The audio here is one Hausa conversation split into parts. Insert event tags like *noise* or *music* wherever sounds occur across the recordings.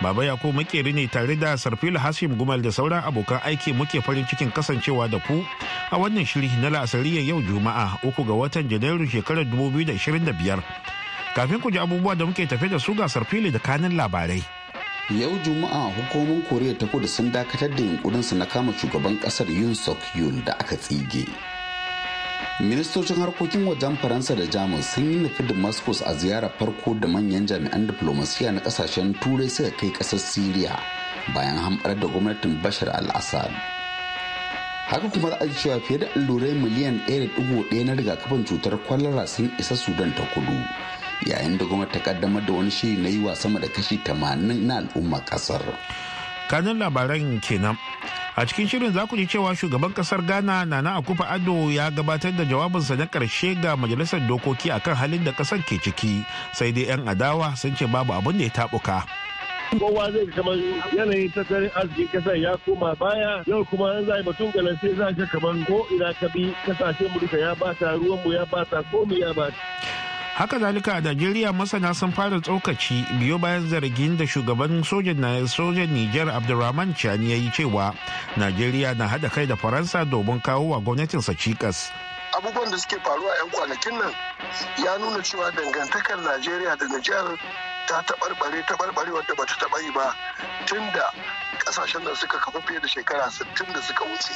Baba Yakubu makeri ne tare da Sarfilu Hashim Gumal da sauran abokan aiki muke farin cikin kasancewa da ku a wannan shiri na la'asariyar yau Juma'a uku ga watan Janairu shekarar 2025. Kafin ku ji abubuwa da muke tafe da su ga Sarfilu da kanin labarai. Yau Juma'a hukumomin Koriya ta Kudu sun dakatar da yunkurinsu na kama shugaban kasar Yun Suk Yul da aka tsige. ministocin harkokin wajen faransa da jamus sun yi nufi damascus a ziyarar farko da manyan jami'an diplomasiya na kasashen turai suka kai kasar syria bayan hamɓar da gwamnatin bashar al-assad haka kuma za cewa fiye da allurai miliyan 1.1 na rigakafin cutar kwalara sun isa sudan ta kudu yayin da gwamnati ta kaddamar da wani shiri na yi wa sama da kashi 80 na al'ummar kasar Kanin labaran kenan a cikin shirin za ku ji cewa shugaban kasar ghana na akufa ado ya gabatar da jawabinsa na karshe ga majalisar dokoki akan halin da kasar ke ciki sai dai 'yan adawa sun ce babu abin da ya tabuka kowa zai kamar yanayin tattalin arzikin kasar ya koma baya yau kuma an zai batun galan sai za ka kamar ko ina ka bi kasashen mu duka ya bata ruwan mu ya bata komai ya bata haka zalika a najeriya masana sun fara tsokaci biyo bayan zargin da shugaban sojan niger abdulrahman chani ya yi cewa najeriya na hada kai da faransa domin kawo wa gwamnatinsa cikas abubuwan da suke faruwa 'yan kwanakin nan ya nuna cewa dangantakar najeriya da nijar ta taɓarɓare taɓarɓare wadda ba ta taɓa yi ba tun da ƙasashen nan suka kafa fiye da shekara 60 da suka wuce.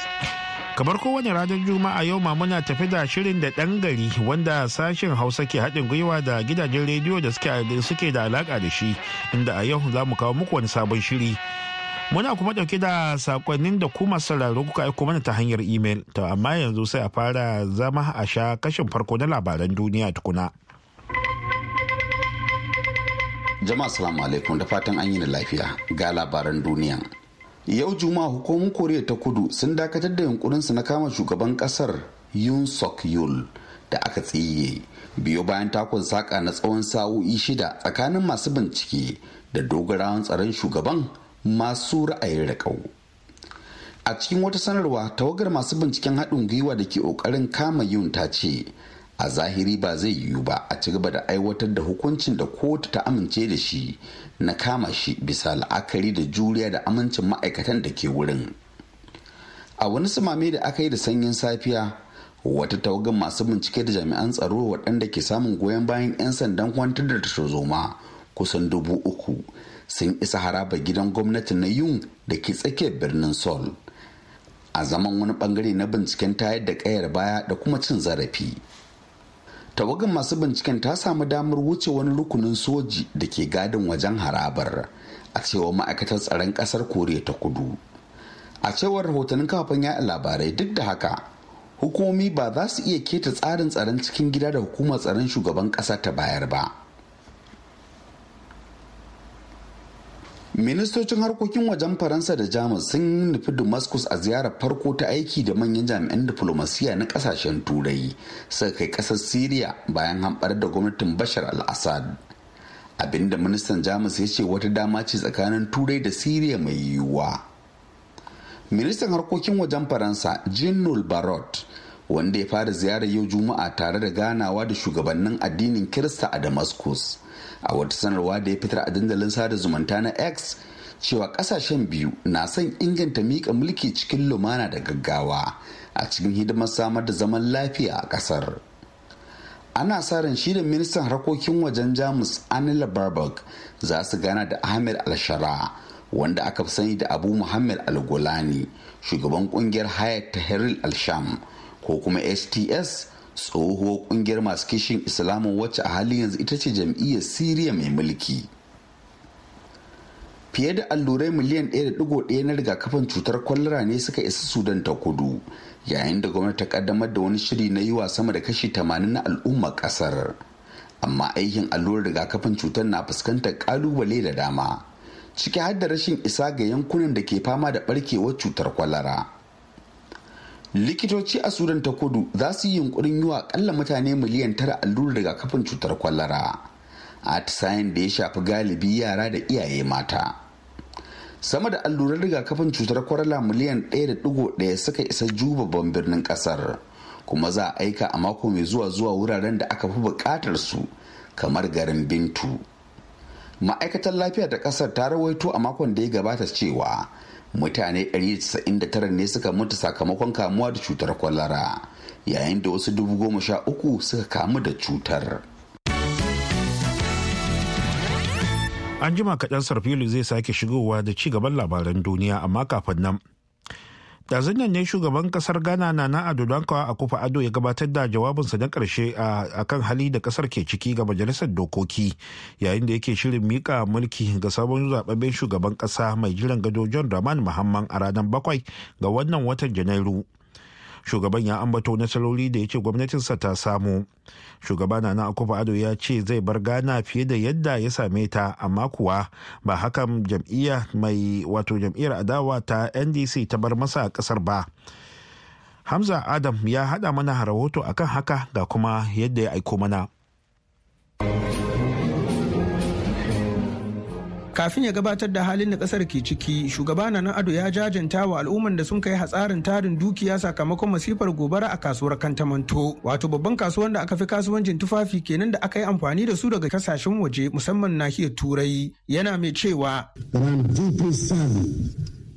kamar kowane ranar juma'a yau ma muna tafi da shirin da ɗan gari wanda sashen hausa ke haɗin gwiwa da gidajen rediyo da suke da alaƙa da shi inda a yau za mu kawo muku wani sabon shiri muna kuma ɗauke da sakonnin da kuma sauraro kuka aiko mana ta hanyar imel to amma yanzu sai a fara zama a sha kashin farko na labaran duniya tukuna. jama'a salamu alaikum da fatan an yi na lafiya ga labaran duniya yau juma'a hukumomin koriya ta kudu sun dakatar da yunkurinsu na kama shugaban kasar yun sok yul da aka tsiye biyo bayan takon saka na tsawon sa'o'i shida tsakanin masu bincike da dogarawan tsaron shugaban masu ra'ayin raƙau a cikin wata sanarwa tawagar masu binciken haɗin gwiwa da ke ƙoƙarin kama yun ta ce a zahiri ba zai yiwu ba a ci gaba da aiwatar da hukuncin da kotu ta amince da shi na kama shi bisa la'akari da juriya da amincin ma'aikatan da ke wurin a wani sumame da aka yi da sanyin safiya wata tawagan masu bincike da jami'an tsaro waɗanda ke samun goyon bayan 'yan sandan kwantar da tarzoma kusan dubu uku sun isa haraba gidan gwamnati na yun da ke tsakiyar birnin sol a zaman wani bangare na binciken tayar da kayar baya da kuma cin zarafi tawagan masu binciken ta samu damar wuce wani rukunin soji da ke gadin wajen harabar a cewar ma'aikatar tsaron kasar koriya ta kudu a cewar rahotannin kafin ya labarai duk da haka hukumomi ba za su iya keta tsarin tsaron cikin gida da hukumar tsaron shugaban kasa ta bayar ba ministocin harkokin wajen faransa da jamus sun nufi damascus a ziyarar farko ta aiki da manyan jami'an diflomasiya na kasashen turai suka kai kasar syria bayan hamɓar da gwamnatin bashar al-assad abinda ministan jamus ya ce wata dama ce tsakanin turai da syria mai yiwuwa ministan harkokin wajen faransa jean barot wanda ya fara ziyarar yau juma'a tare da ganawa da shugabannin addinin kirista a damascus a wata sanarwa da ya fitar a dandalin sada zumunta na x cewa kasashen biyu na son inganta miƙa mulki cikin lumana da gaggawa a cikin hidimar samar da zaman lafiya a ƙasar ana sa ran shi da ministan harkokin wajen jamus anila barbak za su gana da ahmed alshara wanda aka fi sani da abu muhammad al-gulani shugaban kungiyar hayat tahrir Alsham ko kuma hts tsohuwar kungiyar masu kishin islamu wacce a halin yanzu ita ce jam'iyyar siriya mai mulki fiye da allurai miliyan 1.1 na rigakafin cutar kwallara ne suka isa sudan ta kudu yayin da gwamnati ta kaddamar da wani shiri na yi wa sama da kashi 80 na al'ummar kasar amma aikin allurar rigakafin cutar na fuskantar kalubale da dama ciki har da rashin isa ga yankunan da ke fama da barkewar cutar kwallara. likitoci a sudan ta kudu za su yi yunkurin yi wa kalla mutane miliyan tara allurar rigakafin cutar kwallara atisayen da ya shafi galibi yara da iyaye mata sama da allurar rigakafin cutar kwallara miliyan 1.1 suka isa juba ban birnin ƙasar, kuma za a aika a mako mai zuwa zuwa wuraren da aka fi bukatar su kamar garin bintu ma'aikatar lafiya ta ƙasar ta rawaito a makon da ya gabata cewa mutane 199 ne suka mutu sakamakon kamuwa da cutar kwallara yayin da wasu dubu goma sha uku suka kamu da cutar an jima kaɗan sarfilu zai sake shigowa da ci gaban labaran duniya amma kafin nan da zanyan ne shugaban kasar ghana na na ado dankawa a kufa ado ya gabatar da jawabinsa na karshe a kan hali da kasar ke ciki ga majalisar dokoki yayin da yake shirin mika mulki ga sabon zababben shugaban kasa mai jiran gado john Raman muhamman a ranar bakwai ga wannan watan janairu shugaban ya ambato nasarori da ya ce gwamnatinsa ta samu shugaba na akufa ado ya ce zai bar gana fiye da yadda ya same ta amma kuwa ba hakan jam'iyya mai wato jam'iyyar adawa ta ndc ta bar masa kasar ba hamza adam ya hada mana rahoto akan haka ga kuma yadda ya aiko mana kafin ya gabatar da halin da kasar ke ciki shugaba na ado ya jajanta wa al'umman da sun kai hatsarin tarin dukiya sakamakon masifar gobara a kasuwar kantamanto wato babban kasuwan da aka fi kasuwancin tufafi kenan da aka yi amfani da su daga kasashen waje musamman nahiyar turai yana mai cewa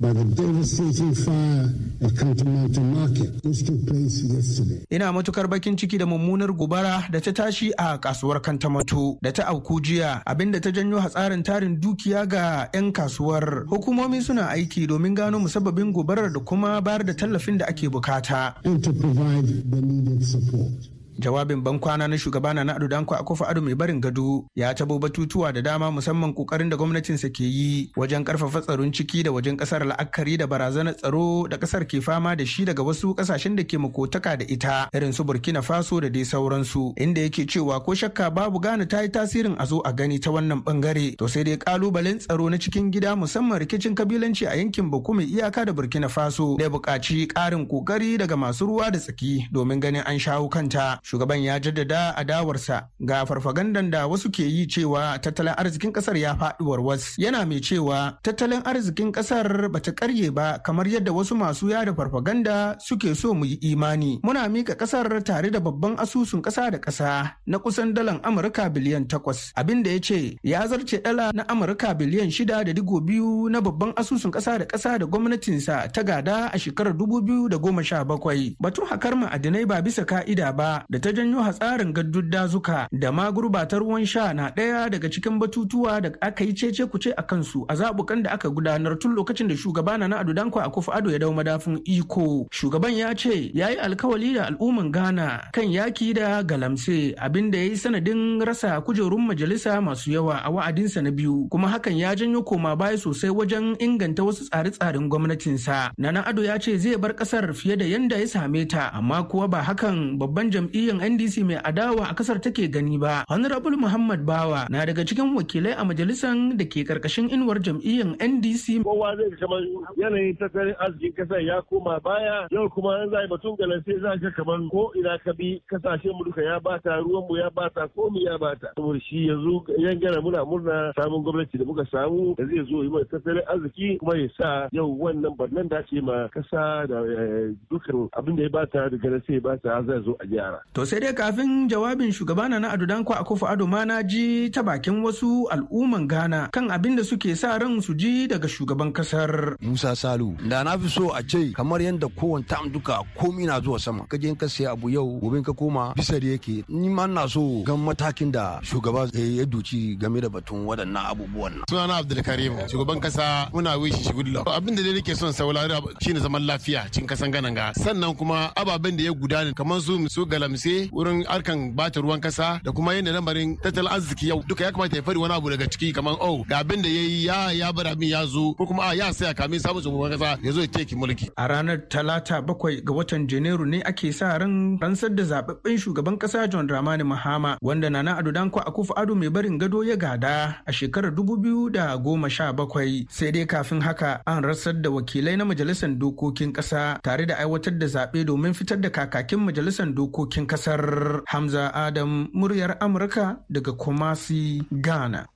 by the devastating fire at Mountain Market. which took place yesterday. Ina matukar bakin ciki da mummunar gubara da ta tashi a kasuwar Kantamatu da ta auku jiya abinda ta janyo hatsarin tarin dukiya ga 'yan kasuwar. Hukumomi suna aiki domin gano musabbabin gubarar da kuma bayar da tallafin da ake bukata. And to provide the needed support. Jawabin bankwana na shugaba na Ado Danko kofa Ado mai barin gado ya tabo batutuwa da dama musamman kokarin da gwamnatinsa ke yi wajen karfafa tsaron ciki da wajen kasar la'akari da barazanar tsaro da kasar ke fama da shi daga wasu kasashen da ke makotaka da ita irin su Burkina Faso da dai sauransu inda yake cewa ko shakka babu gane ta yi tasirin a zo a gani ta wannan bangare to sai dai kalubalen tsaro na cikin gida musamman rikicin kabilanci a yankin Baku mai iyaka da Burkina Faso da buƙaci ƙarin kokari daga masu ruwa da tsaki domin ganin an shawo kanta shugaban ya jaddada adawarsa ga farfagandan da wasu ke yi cewa tattalin arzikin kasar ya faɗi warwas yana mai cewa tattalin arzikin kasar ta karye ba kamar yadda wasu masu yada farfaganda suke so mu yi imani muna mika kasar tare da babban asusun kasa da kasa na kusan dalan amurka biliyan takwas abin da ya ce ya zarce dala na amurka biliyan shida da digo biyu na babban asusun kasa da kasa da gwamnatinsa ta gada a shekarar dubu biyu da goma sha bakwai batun hakar ma'adinai ba bisa ka'ida ba da ta janyo hatsarin gaddun dazuka da ma gurbatar ruwan sha na ɗaya daga cikin batutuwa da aka yi cece kuce a kansu a zabukan da aka gudanar tun lokacin da shugaba na na ku a kofa Ado ya dau madafin iko. Shugaban ya ce ya yi alkawali da al'umman Ghana kan yaki da galamse abin da ya yi sanadin rasa kujerun majalisa masu yawa a wa'adinsa na biyu kuma hakan ya janyo koma baya sosai wajen inganta wasu tsare-tsaren gwamnatinsa. Nana Ado ya ce zai bar kasar fiye da yanda ya same ta amma kuwa ba hakan babban jam'i jam'iyyar ndc mai adawa a kasar take gani ba honorable muhammad bawa na daga cikin wakilai a majalisar da ke karkashin inuwar jam'iyyar ndc kowa zai kamar yanayin tattalin arzikin kasar ya koma baya yau kuma an zai batun galan sai za ka kamar ko ina ka bi kasashen mu duka ya bata ruwan mu ya bata komi ya bata saboda shi yanzu yan gana muna murna samun gwamnati da muka samu da zai zo yi mai tattalin arziki kuma ya sa yau wannan barnan da ke ma kasa da eh, dukkan abin da ya bata da galan sai ya bata zai zo a gyara To sai dai kafin jawabin shugaba na ku a kofa Ado ma na ji ta bakin wasu al'umman Gana, kan abin da suke sa ran su ji daga shugaban kasar. Musa Salu da na fi so a ce kamar yadda ta tam duka komi na zuwa sama ka je ka siya abu yau gobe ka koma bisa da yake ni ma na so gan matakin da shugaba ya duci game da batun wadannan abubuwan nan. Sunana Abdulkarim shugaban kasa muna wishi shi gudu abin da dai nake son saurari shine zaman lafiya cin kasan ganan ga sannan kuma ababen da ya gudana kamar su su galamsi sosai wurin arkan bata ruwan kasa da kuma yadda lamarin tattalin arziki yau duka ya kamata ya fari wani abu daga ciki kamar oh ga abin da yayi ya ya bar abin ya zo ko kuma a ah, ya saya kamin samun shugaban kasa ya zo ya teki mulki a ranar talata bakwai ga watan janairu ne ake sa ran rantsar da zababben shugaban kasa John Ramani Mahama wanda Nana Ado Danko Akufo Ado mai barin gado ya gada a shekarar dubu biyu da goma sha bakwai sai dai kafin haka an rasar da wakilai na majalisar dokokin kasa tare da aiwatar da zaɓe domin fitar da kakakin majalisar dokokin kasar Hamza Adam muryar Amurka daga Kumasi, Ghana.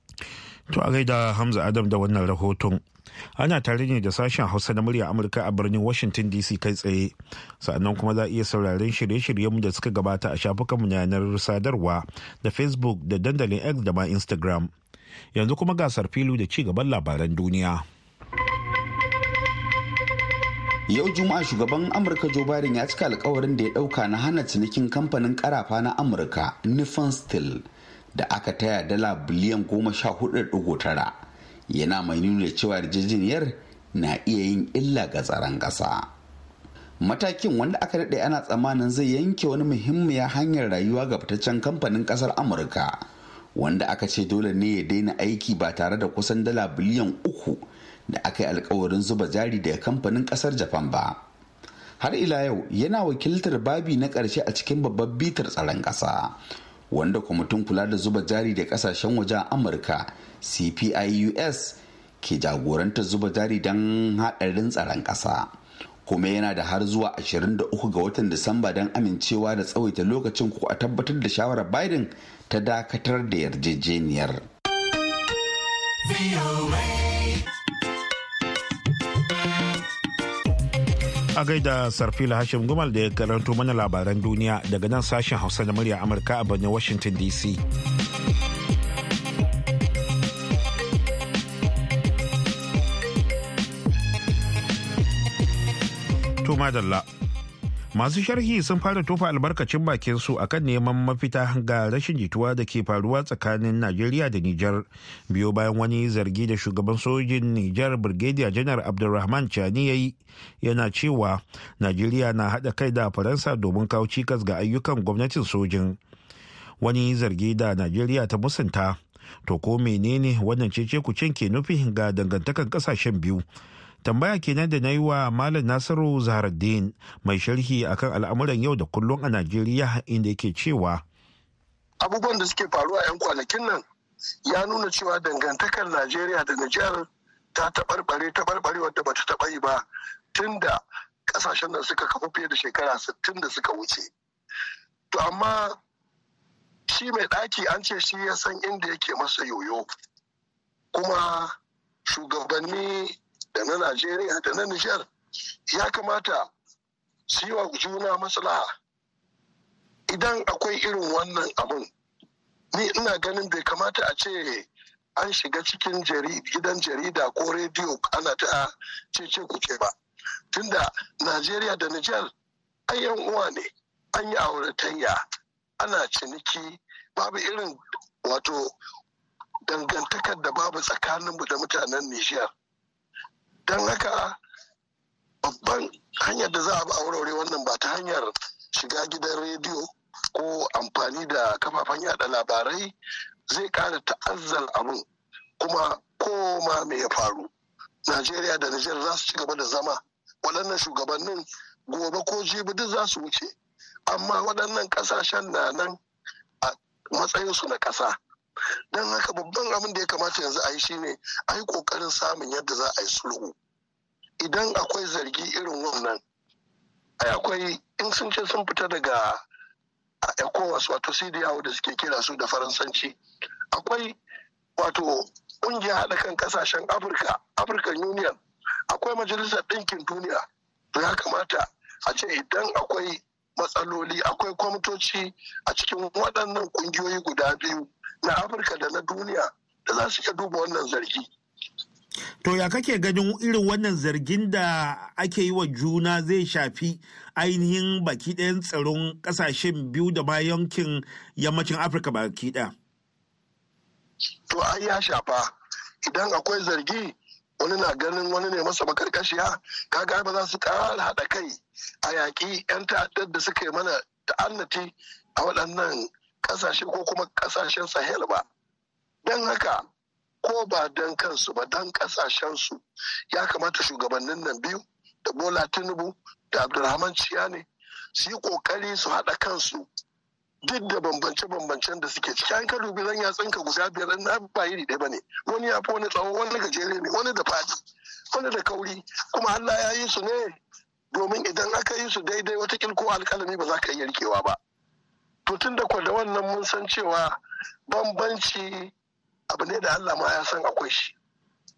To a gaida Hamza Adam da wannan rahoton. Ana tare ne da sashen Hausa na murya Amurka a birnin Washington DC kai tsaye. Sa'annan kuma za a iya sauraren shirye-shiryenmu da suka gabata a shafukanmu na yanar sadarwa da Facebook da dandalin X da ma Instagram. Yanzu kuma gasar filu da ci gaban labaran duniya. yau juma'a shugaban amurka joe biden ya cika alkawarin da ya dauka na hana cinikin kamfanin karafa na amurka nippon steel da aka taya dala biliyan goma sha hudu tara yana mai nuna cewa yarjejeniyar na iya yin illa ga tsaron ƙasa matakin wanda aka daɗe ana tsammanin zai yanke wani muhimmiyar hanyar rayuwa ga fitaccen kamfanin ƙasar amurka wanda aka ce dole ne ya daina aiki ba tare da kusan dala biliyan uku da aka yi alkawarin zuba jari daga kamfanin kasar japan ba har ila yau yana wakiltar babi na ƙarshe a cikin babbar bitar tsaron ƙasa wanda kwamitin kula da zuba jari da ƙasashen wajen amurka cpius ke jagorantar zuba jari don haɗarin tsaron ƙasa kuma yana da har zuwa 23 ga watan disamba don amincewa da tsawaita lokacin ko a tabbatar da shawarar biden ta dakatar da yarjejeniyar. a gaida sarfila hashim gumal da ya karanto mana labaran duniya daga nan sashen hausa da murya amurka a birnin washington dc to madalla masu sharhi sun fara tofa albarkacin bakin su akan neman mafita ga rashin jituwa da ke faruwa tsakanin najeriya da nijar biyo bayan wani zargi da shugaban sojin nijar brigadier janar abdulrahman chani ya yi yana cewa najeriya na haɗa kai da faransa domin kawo cikas ga ayyukan gwamnatin sojin wani zargi da najeriya ta musanta to ko menene wannan cece ku ke nufi ga dangantakan ƙasashen biyu tambaya kenan da na yi wa malam nasiru zaharaddin mai sharhi akan al'amuran yau da kullum a najeriya inda yake cewa abubuwan da suke faruwa 'yan kwanakin nan ya nuna cewa dangantakar najeriya da nijar ta taɓarɓare taɓarɓare wadda ba ta taɓa yi ba tun da ƙasashen da suka kafa fiye da shekara sittin da suka wuce to amma shi mai ɗaki an ce shi ya san inda yake masa yoyo kuma shugabanni da na Najeriya da na Nijar ya kamata su yi wa juna maslaha idan akwai irin wannan abun ni ina ganin bai kamata a ce an shiga cikin gidan jarida ko rediyo ana ta cece kuce ba tunda Najeriya da Nijar ayyan uwa ne an yi auratayya ana ciniki babu irin wato dangantakar da babu tsakaninmu da mutanen Nijar don haka babban hanyar da za a bi a wurare wannan ba ta hanyar shiga gidan rediyo ko amfani da kafafen yada labarai zai kara ta'azzal abin kuma koma mai ya faru najeriya da nijar za su ci gaba da zama waɗannan shugabannin gobe ko jibi duk za su wuce amma waɗannan ƙasashen na nan a matsayinsu na ƙasa don haka babban abin da ya kamata yanzu a yi shine a yi kokarin samun yadda za a yi sulhu idan akwai zargi irin wannan ai akwai in sun ce sun fita daga ecowas wato cdao da suke kira su da faransanci akwai wato ƙungiyar haɗa kan ƙasashen afirka african union akwai majalisar ɗinkin duniya to ya kamata a ce idan akwai matsaloli akwai kwamitoci a cikin waɗannan ƙungiyoyi guda biyu na afirka da na duniya da za su ka duba wannan zargi To ya kake ganin irin wannan zargin da ake yi wa juna zai shafi ainihin baki ɗayan tsaron ƙasashen biyu da ma yankin yammacin Afirka baki ɗaya? To ai ya shafa idan akwai zargi wani na ganin wani ne masa makarkashiya kaga ba za su ƙara haɗa kai a yaƙi 'yan ta'addar da suka yi mana ta'annati a waɗannan kasashe ko kuma kasashen sahel ba don haka ko ba don kansu ba don kasashensu ya kamata shugabannin nan biyu da bola tinubu da abdulrahman ne su yi kokari su haɗa kansu duk da bambance-bambancen da suke ciki an ka dubi zan yatsun tsinka guda biyar na ba iri ɗaya ne wani ya fi wani tsawo wani gajere ne wani da fadi wani da kauri kuma Allah ya yi su ne domin idan aka yi su daidai wata ko alkalami ba za ka iya rikewa ba to tun da da wannan mun san cewa bambanci abu ne da Allah ma ya san akwai shi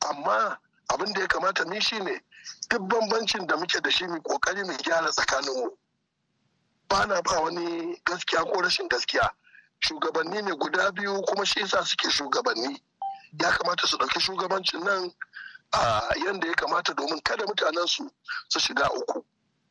amma abin da ya kamata mu shi ne duk bambancin da muke da shi mu kokari mu gyara tsakaninmu ba na ba wani gaskiya ko rashin gaskiya shugabanni ne guda biyu kuma shi yasa suke shugabanni ya kamata su ɗauki shugabancin nan a ah, yadda ya kamata domin kada mutanen su su shiga uku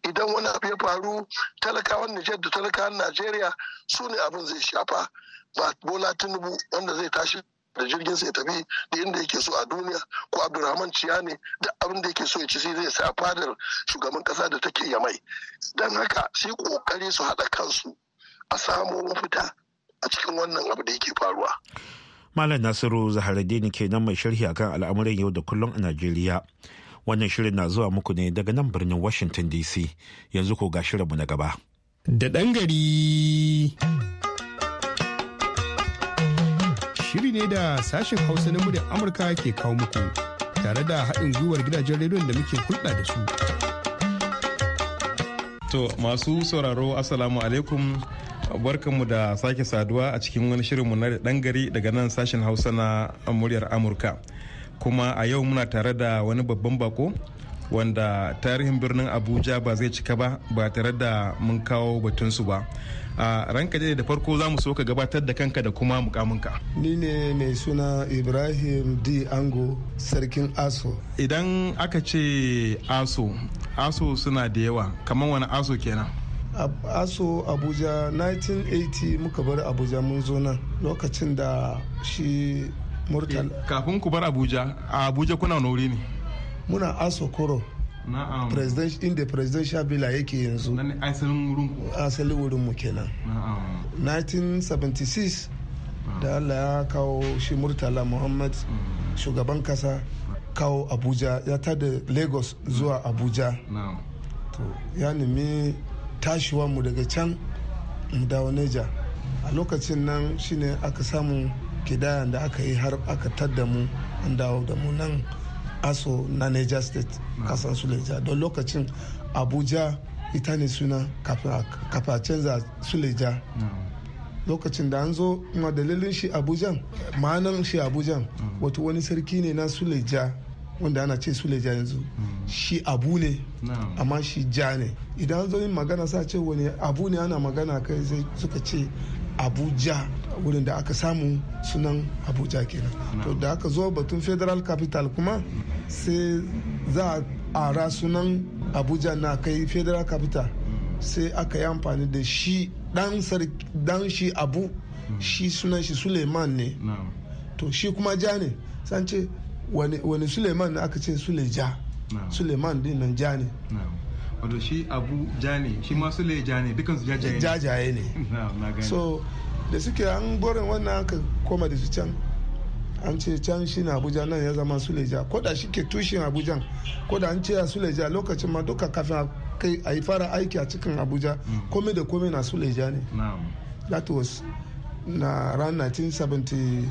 idan wani abu ya faru talakawan Nijar da talakawan Najeriya su ne abin zai shafa ba Bola Tinubu wanda zai tashi da jirgin ya tafi da inda yake so a duniya ko Abdulrahman ne da abin da yake so ya ci sai zai sa fadar shugaban kasa da take mai dan haka sai kokari su haɗa kansu a samo mafita a cikin wannan abu da yake faruwa. Malam Nasiru Zaharaddini kenan mai sharhi akan al'amuran yau da kullum a Najeriya. Wannan shirin na zuwa muku ne daga nan birnin Washington DC. Yanzu ko ga shirinmu na gaba. Da ɗan gari. Shiri ne da sashen Hausa na muryar Amurka ke kawo muku tare da haɗin gwiwar gidajen rediyon da muke hulɗa da su. To masu sauraro asalamu alaikum barkanmu da sake saduwa a cikin wani shirinmu na ɗan gari daga nan sashen Hausa na muryar Amurka. kuma a yau muna tare da wani babban bako wanda tarihin birnin abuja ba zai cika ba ba tare da mun kawo batunsu ba a ranka da farko za mu so ka gabatar da kanka da kuma mukaminka ni ne mai suna ibrahim d ango sarkin aso idan aka ce aso aso suna da yawa kamar wani aso kenan aso abuja 1980 muka bar abuja mun zo nan lokacin da shi murtala eh, kafin ku bar abuja a abuja kuna wani ne muna asokoro koro inda presidential villa yake yanzu asalin wurin mu kenan 1976 da Allah ya kawo shi murtala muhammad mm. shugaban kasa kawo abuja ya ta tada lagos zuwa mm. abuja ya nemi mu daga can mu dawo neja a lokacin nan shine aka samu kidayan da aka yi har aka tadda mu an dawo da mu nan aso na niger state mm. kasan suleja don lokacin abuja ita ne suna kafa canza suleja mm. lokacin da an zo ma dalilin shi abuja ma'anan shi abujan mm. wato wani sarki ne na suleja wanda ana ce leja yanzu hmm. shi abu ne amma shi ja ne idan zo yin magana sa ce wani abu ne ana magana kai sai suka ce abuja wurin da aka samu sunan abuja kenan to da aka zo batun federal capital kuma sai za a ara sunan abuja na kai federal capital hmm. sai aka yi amfani da shi dan shi abu hmm. shi sunan shi suleiman ne to shi kuma ja ne san wani suleiman aka ce suleja suleiman din nan ja ne wato shi abu ja ne shi ma sule ja ne su jajaye ne jajaye ne *laughs* so da suke an borin wannan aka koma da su can an ce can shi na abuja nan ya zama suleja ko da shi ke tushen abujan ko da an ce a suleja lokacin ma duka kafin kai a yi fara aiki a cikin abuja mm. komai da komai na suleja ne that was na ran 1977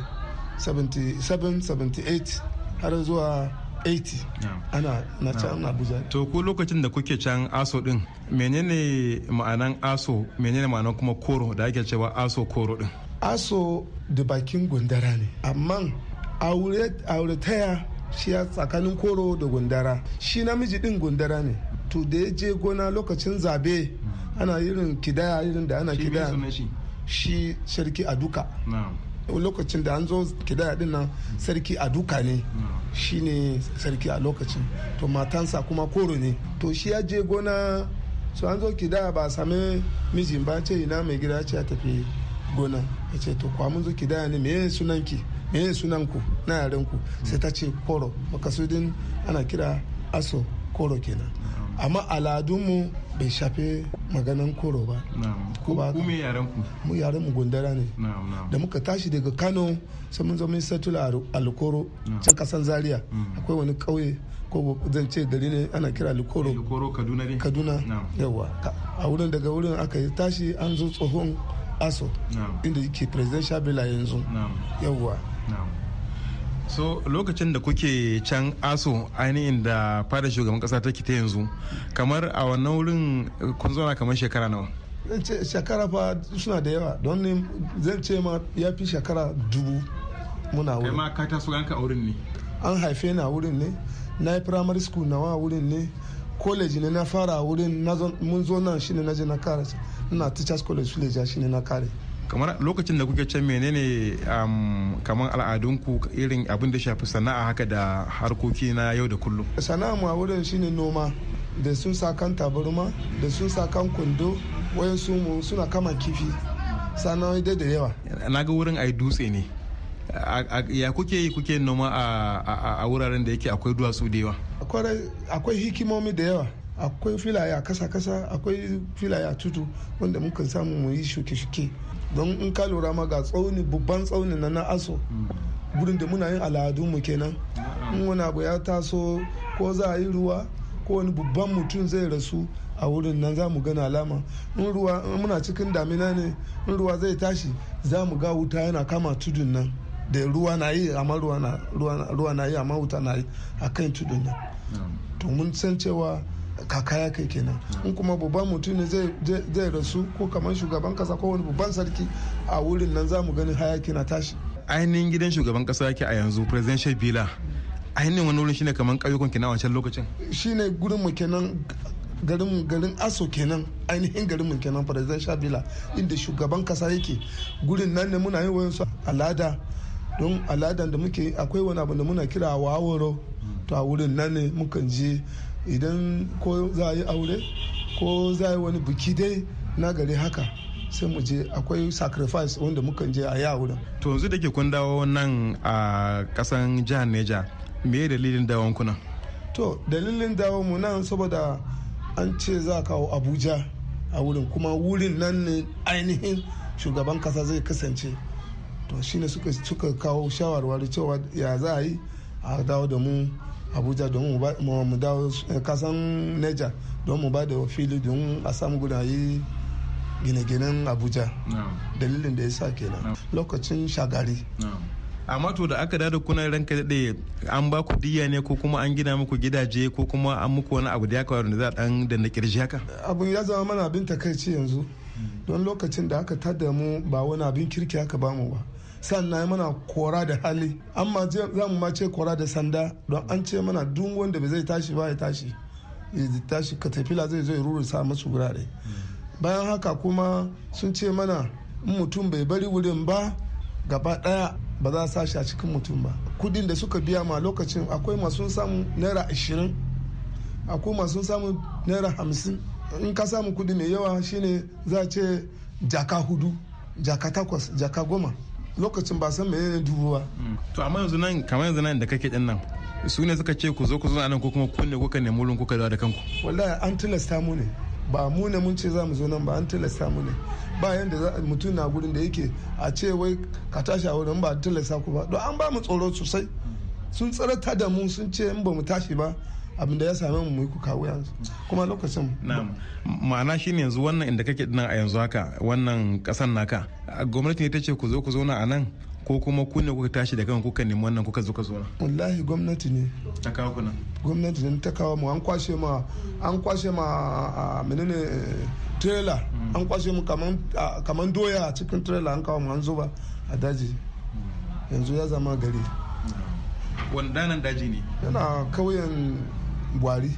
78 har zuwa 80 ana na can na abuja to ko lokacin da kuke can aso din menene ma'anan aso menene ma'anan kuma koro da ake cewa aso koro din aso da bakin gundara ne amma aure taya shi ya tsakanin koro da gundara shi namiji din gundara ne to da ya je gona lokacin zabe hmm. ana irin kidaya irin da ana kidaya shi sarki a duka lokacin da an zo kidaya din nan sarki a duka ne ne sarki a lokacin to matansa kuma koro ne to shi ya je gona su an zo kidaya ba sami mijin ba ce ina mai gida ce ya tafi gona ya ce to kwa mun zo kidaya ne me ki me sunan ku na yaren ku sai ta ce koro makasudin ana kira aso koro kenan amma aladunmu bai shafe maganan koro ba ko ba ku yaran ku mu yaren mu ne da muka tashi daga Kano sai mun zama satula alkoro can kasan Zaria mm. akwai wani kauye ko zan ce gari ne ana kira alkoro Kaduna ne Kaduna yawa a wurin daga wurin aka yi tashi an zo tsohon aso inda yake presidential bila yanzu yawa so lokacin da kuke can aso ainihin da fada shugaban kasa take ta yanzu kamar a wannan wurin eh, kun zauna kamar shekara nawa shekara fa suna da yawa don ne zan ce ma ya fi shekara dubu muna wurin kai ma ka taso ganka a wurin ne an haife na wurin ne na yi primary school nawa wurin ne college ne na fara wurin mun zo nan shine na je na kare na teachers college village shine na kare kamar lokacin da kuke can menene kamar al'adunku irin abin da shafi sana'a haka da harkoki na yau da kullum sana'a mu a wurin shine noma da sun sa kan tabarma da sun sa kan kundo wayan su mu suna kama kifi dai da yawa na ga wurin ai dutse ne ya kuke yi kuke noma a wuraren da yake akwai duwatsu da yawa akwai hikimomi da yawa akwai filaya a kasa kasa akwai filaya a tutu wanda muka samu mu yi shuke-shuke don in ka lura ma ga tsauni babban tsauni na na aso gudun da muna yin mu kenan in wani abu ya taso ko za a yi ruwa ko wani babban mutum zai rasu a wurin nan za mu gana alama in ruwa muna cikin damina ne in ruwa zai tashi za mu ga wuta yana kama tudun nan da ruwa na yi amma ruwa na yi amma wuta na yi a kan tudun nan to mun san cewa kaka ya kai kenan in kuma babban mutum ne zai rasu ko kamar shugaban kasa ko wani babban sarki a wurin nan zamu gani hayaki na tashi ainihin gidan shugaban kasa yake a yanzu presidential villa ainihin wani wurin shine kamar kayukan kenan a wancan lokacin shine gurin mu kenan garin garin aso kenan ainihin garin mu kenan presidential villa inda shugaban kasa yake gurin nan ne muna yin wayansu alada don aladan da muke akwai wani abu da muna kira wawaro to a wurin nan ne mukan je idan ko za a yi aure ko za a yi wani biki dai na gari haka sai mu je akwai sacrifice wanda mukan je a yi wurin. to yanzu da ke kun dawo nan a kasan jihar neja me dalilin dawon kuna to dalilin dawon mu nan saboda an ce za a kawo abuja a wurin kuma wurin nan ne ainihin shugaban kasa zai kasance to shine suka kawo shawarwari cewa ya za a yi a dawo da mu abuja don mu da eh, kasan neja don mu ba da fili don a samu guda yi gine-ginen abuja dalilin da ya sa kenan lokacin shagari amma to da aka dada kuna ranka daɗe an ba ku diya ne ko kuma an gina muku gidaje ko kuma an muku wani abu da ya kawar da za a dan da na kirji haka abun ya zama mana abin takaici yanzu hmm. don lokacin da aka tada mu ba wani abin kirki aka bamu ba sannan mana kora da hali amma za mu kora da sanda don an ce mana duk wanda bai zai tashi ba ya tashi ya tashi katafila zai zo ya rurusa masu gurare bayan haka kuma sun ce mana in mutum bai bari wurin ba gaba daya ba za a shi a cikin mutum ba kudin da suka biya ma lokacin akwai masu samu naira ashirin akwai masu samu naira hamsin in ka samu kudi mai yawa shine za a ce jaka hudu jaka takwas jaka goma lokacin ba san menene dubu ba mm. to amma yanzu nan kamar yanzu nan da kake din nan su ne suka ce ku zo ku zo nan ko kuma ku ne kuka nemi wurin kuka da kanku wallahi an tilasta mu ne ba mu ne mun ce za mu zo nan ba an tilasta mu ne ba yanda mutum na gurin da yake a ce wai ka tashi a wurin ba tilasta ku ba don an ba mu tsoro sosai sun tsarata da mu sun ce in ba mu tashi ba abin da ya same mu mu ku kawo yanzu kuma lokacin ma'ana shi ne yanzu wannan inda kake dinan a yanzu haka wannan kasan naka gwamnati ne ta ce ku zo ku zauna a nan ko kuma ku ne kuka tashi da kan kuka nemi wannan kuka zo ka zauna wallahi gwamnati ne ta kawo ku nan gwamnati ne ta kawo mu an kwashe ma an kwashe ma menene trailer mm. an kwashe mu kaman doya a cikin trailer an kawo mu an zuba a daji yanzu ya zama gari wanda nan daji ne yana kauyen buhari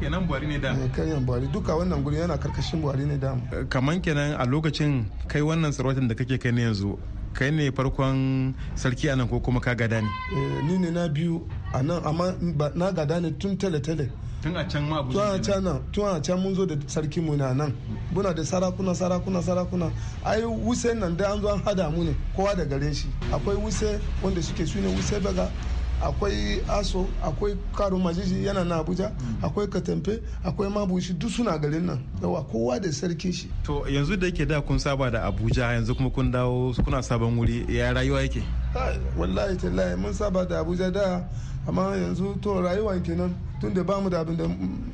kenan buhari ne da eh, karyan buhari duka wannan guri yana karkashin buhari ne dama. Eh, kaman kenan a lokacin kai wannan sarautar da kake kai ne yanzu kai ne farkon sarki anan ko kuma ka gada ne eh, ni ne na biyu a nan amma na gada ne tun tele-tele tun a can ma tun a can nan tun a can mun zo da sarki mu na nan muna da sarakuna sarakuna sarakuna ai wuse nan da an zo an hada mu ne kowa da gare shi akwai wuse wanda suke su ne wuse baga akwai aso akwai karo majiji yana na abuja mm. akwai katampe akwai mabushi duk suna garin nan yawa kowa da sarkin shi to yanzu da yake da kun saba da abuja yanzu kuma kun dawo kuna sabon wuri ya rayuwa yake wallahi tallahi mun saba da abuja da amma yanzu to rayuwa kenan tun da bamu da abin da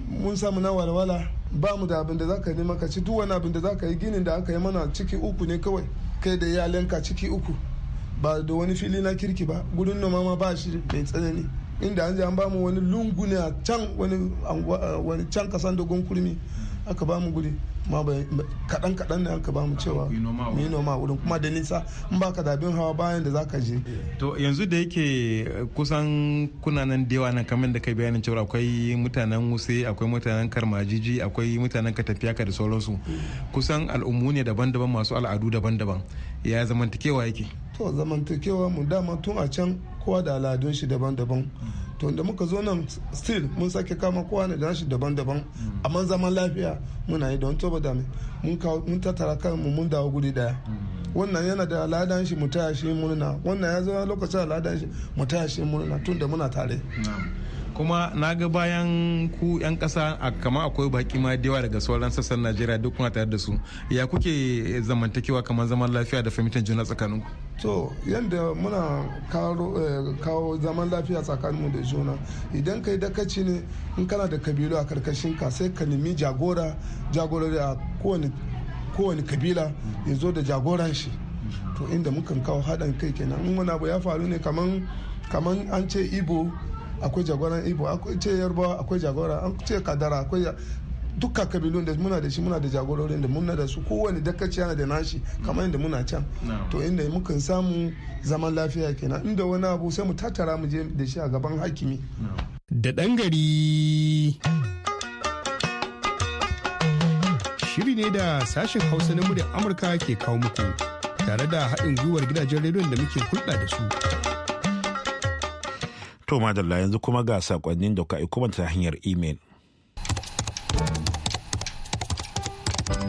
mun samu na walwala bamu da abin da zaka yi maka ci duk wani abin da zaka yi ginin da aka yi mana ciki uku ne kawai kai da iyalanka ciki uku ba da wani fili na kirki ba gudun noma ma ba shi mai tsanani inda an je an bamu wani lungu ne a can wani can kasan dogon kurmi aka bamu gudi ma kadan kadan ne aka bamu cewa mu noma wurin kuma da nisa in ba ka dabin hawa bayan da za ka je. to yanzu da yake eh, kusan kuna nan da yawa nan kamar da kai bayanin cewa akwai mutanen wuse akwai mutanen karmajiji akwai mutanen katafiyaka da sauransu mm. kusan al'ummu ne daban-daban masu al'adu daban-daban ya zamantakewa yake. to zamantakewa mu dama tun a can kowa da aladun shi daban-daban to da muka zo nan still mun sake kama kowa da nashi daban-daban amma zaman lafiya muna yi don toba dame mun tattara kanmu mun dawo guri daya wannan yana da aladan shi mu taya shi murna wannan ya zo lokacin aladan shi mu taya shi murna tun da muna tare kuma na ga bayan ku 'yan kasa kama akwai baki ma da yawa daga sauran sassan najeriya duk kuma tare da su ya kuke zamantakewa kamar zaman lafiya da fahimtar juna tsakaninku to yadda muna eh, kawo zaman lafiya tsakanin mu da juna idan kai dakaci ne in kana da kabilu a karkashin ka sai ka nemi jagora jagora da kowane kabila ya zo da jagoran shi to inda mukan kawo haɗin kai kenan in wani ya faru ne kaman an ce ibo akwai jagoran ibo akwai ce yarbawa akwai jagora an ce kadara akwai dukkan kabilun da muna da shi muna da jagororin da muna da su kowane dakaci yana da nashi kamar yadda muna can to inda mukan samu zaman lafiya kenan inda wani abu sai mu tattara mu je da shi a gaban hakimi da ɗan gari shiri ne da sashen hausa na muryar amurka ke kawo muku tare da haɗin gwiwar gidajen rediyon da muke hulɗa da su To madalla yanzu kuma ga sakonnin da ka aiko ta hanyar imel.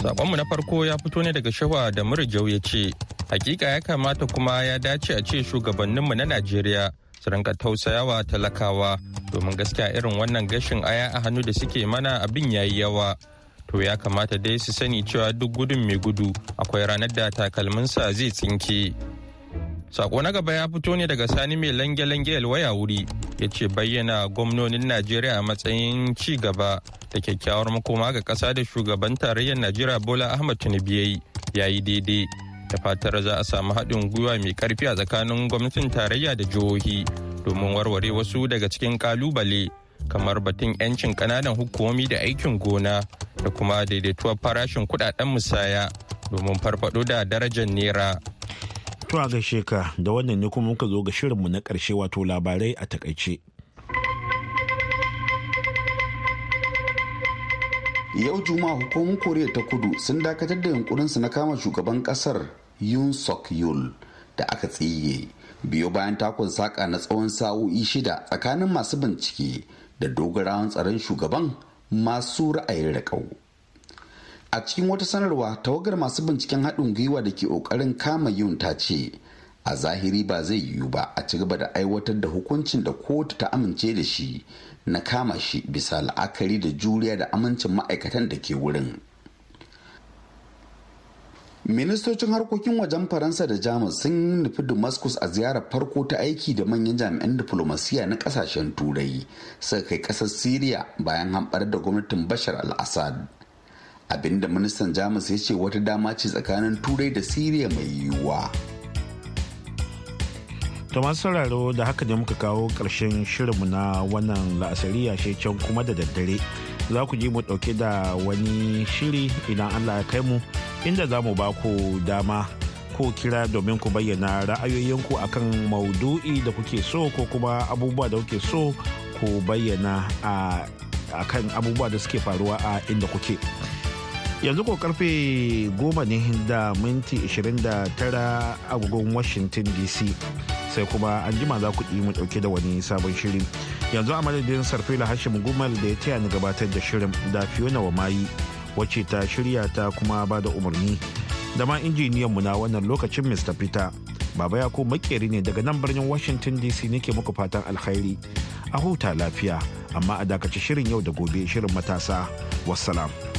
Sakonmu na farko ya fito ne daga shawa da murjau ya ce, hakika ya kamata kuma ya dace a ce shugabanninmu na Najeriya su rinka tausayawa talakawa domin gaskiya irin wannan gashin aya a hannu da suke mana abin yayi yawa. To ya kamata dai su sani cewa duk gudun mai gudu akwai ranar da takalminsa zai tsinke. Sako na gaba ya fito ne daga sani mai lange-lange waya wuri ya ce bayyana gwamnonin Najeriya a matsayin ci gaba da kyakkyawar makoma ga ƙasa da shugaban tarayyar Najeriya Bola Ahmad Tinubu ya yi daidai. Da fatar za a samu haɗin gwiwa mai karfi a tsakanin gwamnatin tarayya da jihohi domin warware wasu daga cikin kalubale kamar batun 'yancin ƙananan hukumomi da aikin gona da kuma daidaituwar farashin kudaden musaya domin farfaɗo da darajar nera. To a gaishe ka da wannan ne kuma muka zo ga shirinmu na ƙarshe wato labarai a takaice. yau juma'a hukumar koriya ta kudu sun dakatar da yunkurinsu na kama shugaban kasar yun sok yul da aka tsiye biyo bayan takon saƙa na tsawon sa'o'i shida tsakanin masu bincike da dogarawan tsaron shugaban masu ra'ayin raƙau a cikin wata sanarwa tawagar masu binciken haɗin gwiwa da ke ƙoƙarin kama yun ta ce a zahiri ba zai yiwu ba a ci gaba da aiwatar da hukuncin da kotu ta amince da shi na kama shi bisa la'akari da juriya da amincin ma'aikatan da ke wurin ministocin harkokin wajen faransa da jamus sun nufi damascus a ziyarar farko ta aiki da manyan jami'an diflomasiya na kasashen turai suka kai kasar syria bayan hamɓar da gwamnatin bashar al-assad abinda ministan jamus ya ce wata dama ce tsakanin turai da siriya mai yiwuwa to masu sauraro da haka ne muka kawo ƙarshen shirinmu na wannan la'asari a can kuma da daddare za ku ji mu ɗauke da wani shiri idan allah ya kai mu inda za mu ba ku dama ko kira domin ku bayyana ra'ayoyinku akan maudu'i da kuke so ko kuma abubuwa da kuke so ku bayyana a kan abubuwa da suke faruwa a inda kuke. yanzu ko karfe goma ne da minti 29 agogon washington dc sai kuma an jima za ku mu dauke da wani sabon shiri yanzu a madadin sarfila hashim gumal da ya taya ni gabatar da shirin da fiona wa mayi wacce ta shirya ta kuma ba da umarni da ma injiniyanmu na wannan lokacin mr peter baba ya ko makeri ne daga nan birnin washington dc nake muku fatan alkhairi a huta lafiya amma a dakaci shirin yau da gobe shirin matasa wassalam.